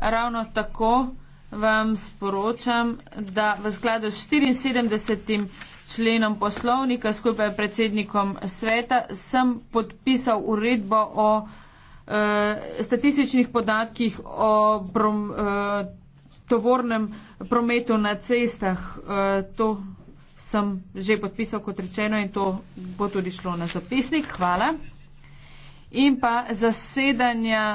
Ravno tako vam sporočam, da v skladu s 74. členom poslovnika skupaj s predsednikom sveta sem podpisal uredbo o e, statističnih podatkih o prom, e, eh, tovornem prometu na cestah. E, to sem že podpisal kot rečeno in to bo tudi šlo na zapisnik. Hvala. In pa zasedanja.